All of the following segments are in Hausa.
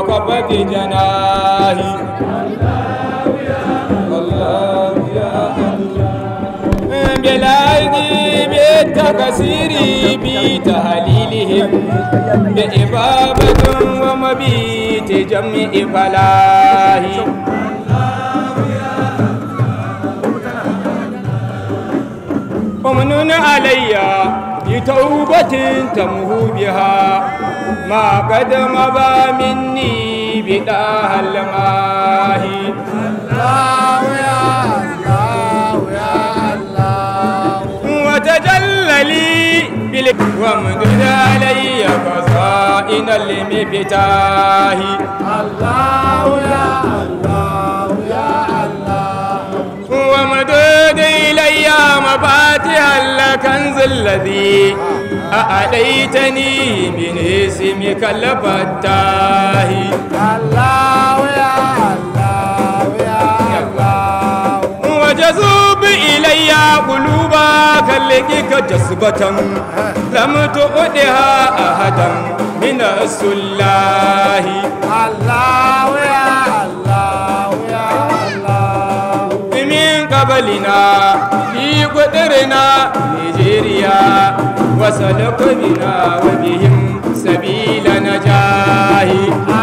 وكبد جناهي والله يا الله بلادي بالتكسير بتهليلهم بإبابة ومبيت جمع فلاهي ومن علي بتوبة تمهو بها ما قد مضى مني بداه الماهي الله يا الله يا الله وتجلى لي بلك وامدد علي خزائن المفتاح الله يا الله يا الله وامدد الي مفاتيح الكنز الذي A min ismi hi allahuya allahuya allahu wa jazub ilayya quluba kallaki ka jazbatan lam tu'diha ahadan min asullahi allahuya allahuya allahu min qablina li qadrina وسلق بنا وبهم سبيل نجاه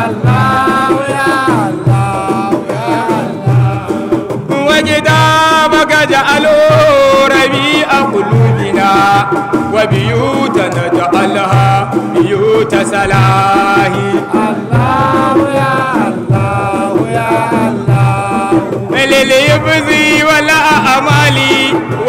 الله يا الله يا الله وجدامك جعلوا ربيع قلوبنا وبيوتنا جعلها بيوت سلاه الله يا الله يا الله لليبزي ولا أمالي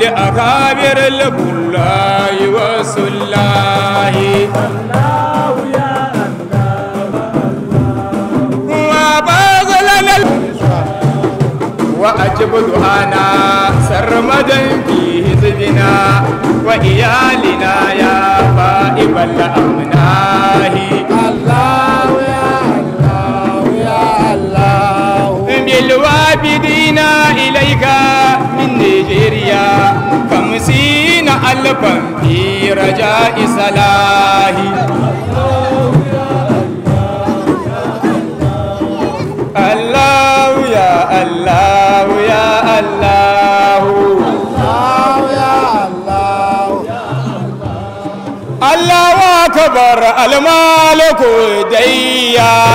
لأكابر الله يوصل الله يا الله وأجب دعانا سرمدا في حزبنا وإيالنا يا فائب الامنا الله يا الله يا الله بالوابدين إليك in Nigeria kamsi na alfan fi raja isalahi Allah wa kabar almaliku dayya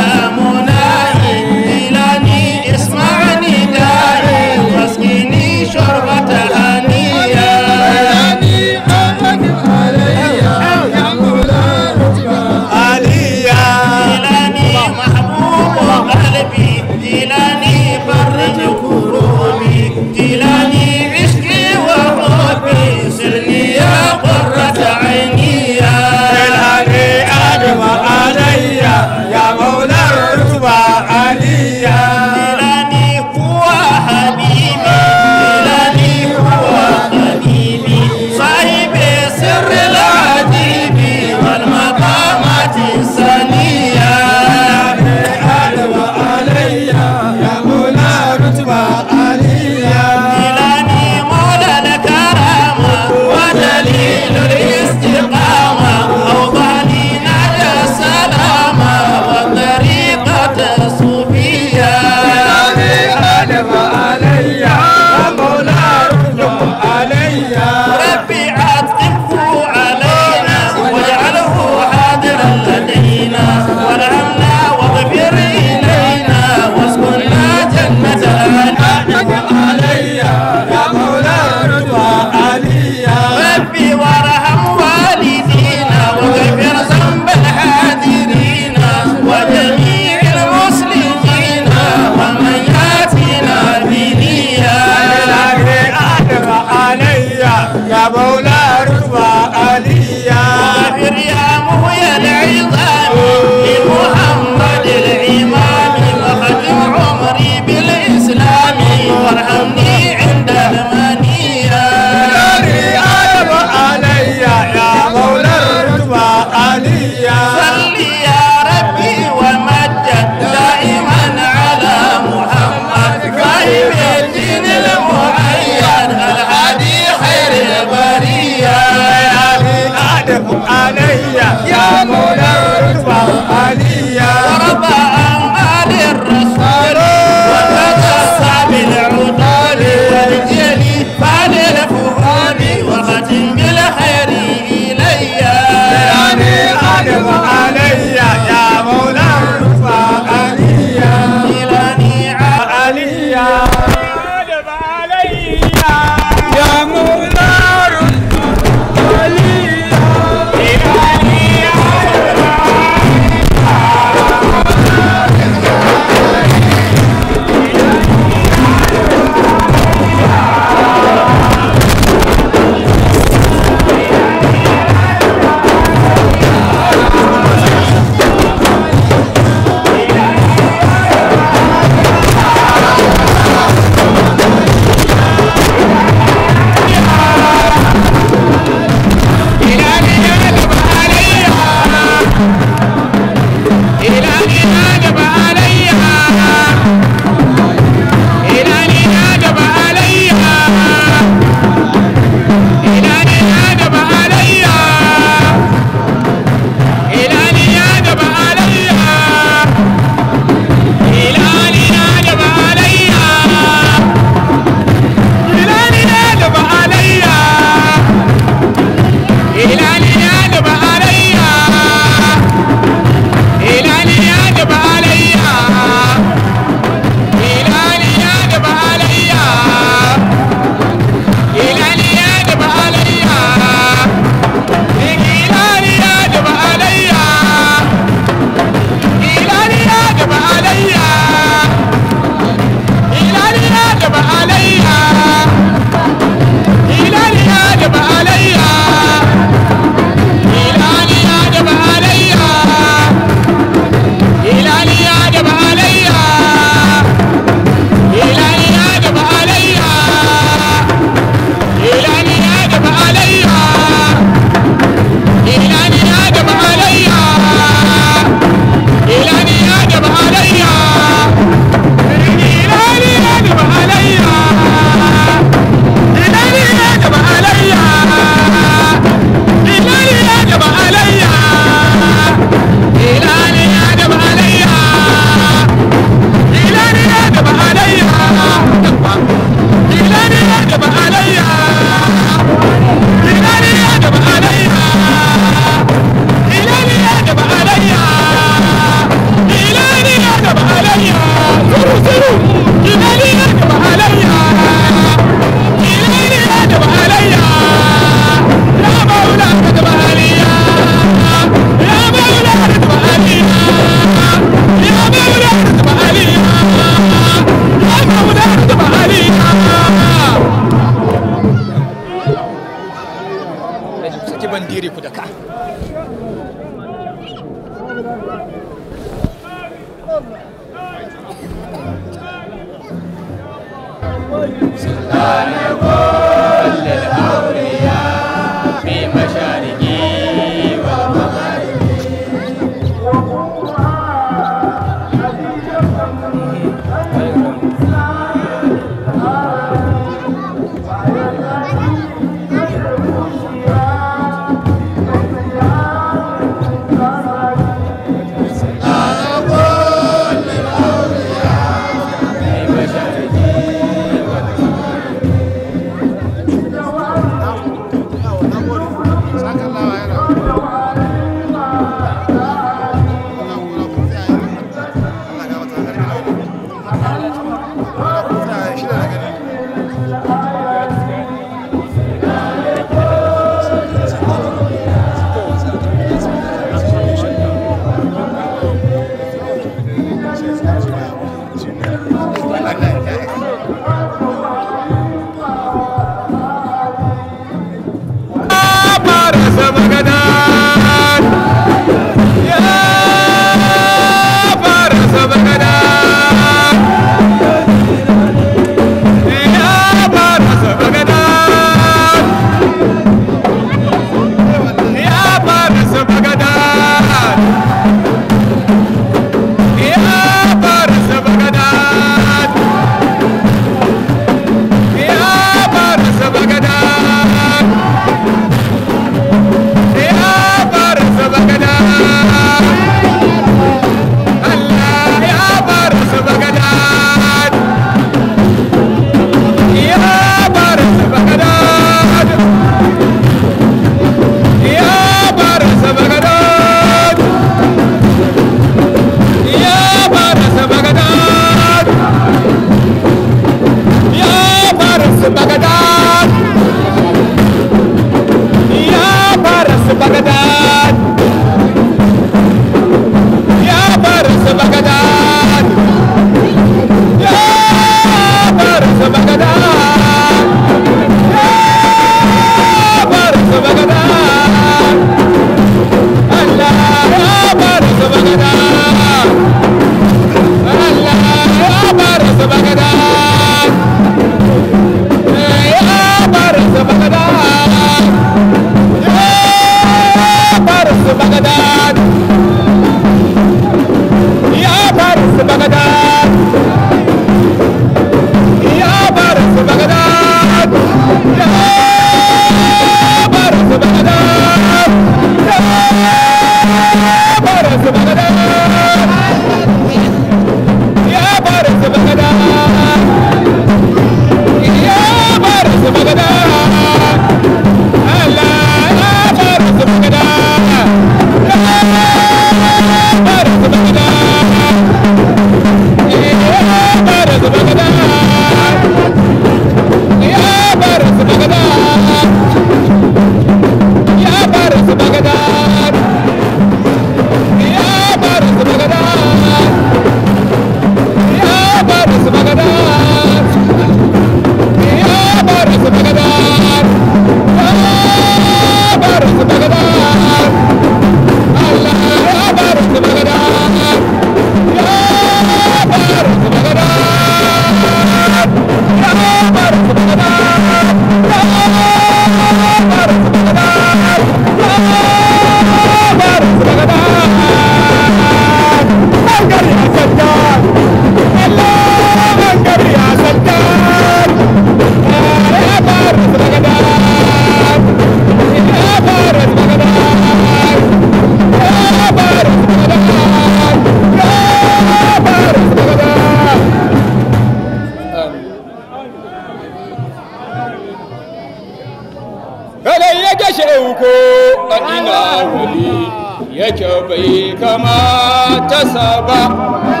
ina wuli yake bai kamata saba, ba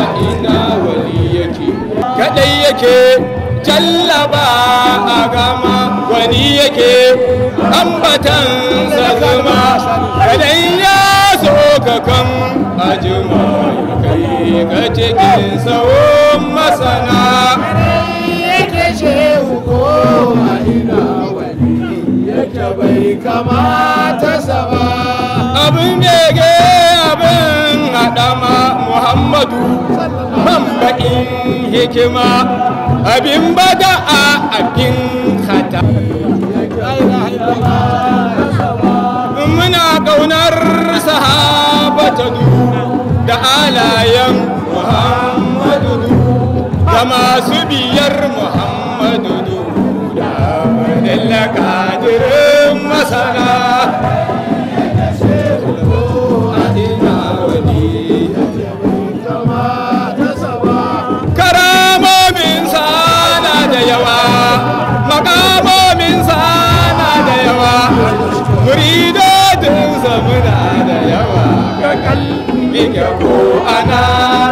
a ina wali yake kaɗai yake jallaba a gama wani yake ambatan zama kadai ya so ka kan ajima kai ga cikin sawon masana da bai kamata sa abin abin muhammadu mambaɗin hikima abin bada a abin hata muna ƙaunar sahabatadu da halayen muhammadu da masu biyar muhammadu muridodin na da yawa ga kalbi ga ko ana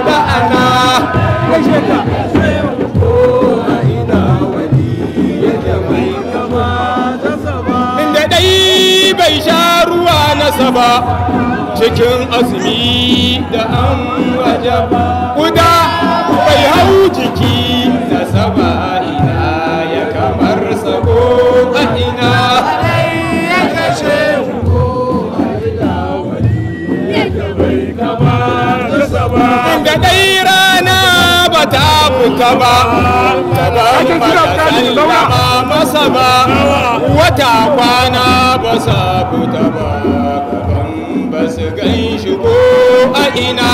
da ana bai sha ruwa na saba cikin azumi da an wajaba guda bai hau jiki kama tabarun makasalla masa ba wata kwana ba sa ba gaban ba su gan shi ko a ina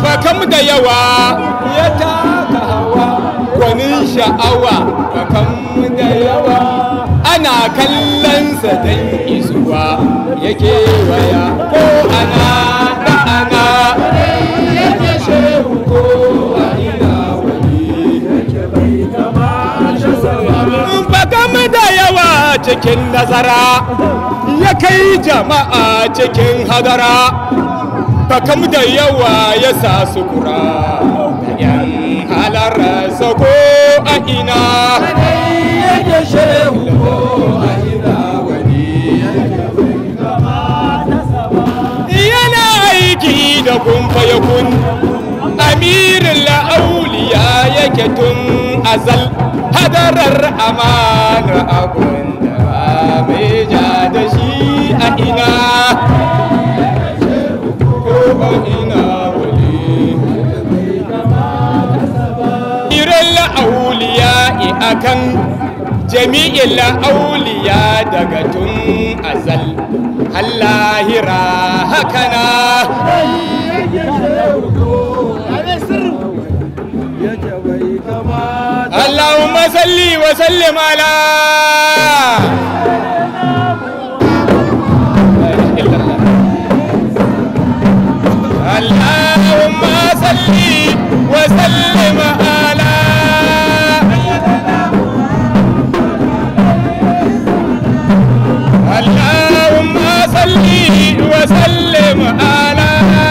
Fakam da yawa ya taka hawa gwanin sha'awa fakam kallonsa dan isuwa yake waya ko ana da ana yake shehu ko a ina wani yake bai kama shi da yawa cikin nazara ya kai jama'a cikin hadara fakam da yawa ya sa sukura khairin la'auliya yake tun azal hadarar amana abun da ba mai ja da shi a ina ina akan jami'in la'auliya daga tun azal hallahira hakana Ala bu ma sali, wa salima ala.Ala bu ma wa salima ala.Ala bu ma wa salima ala.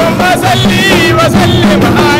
Vasali, Vasali, Vasali, Vasali, Vasali, Vasali, my Vasali,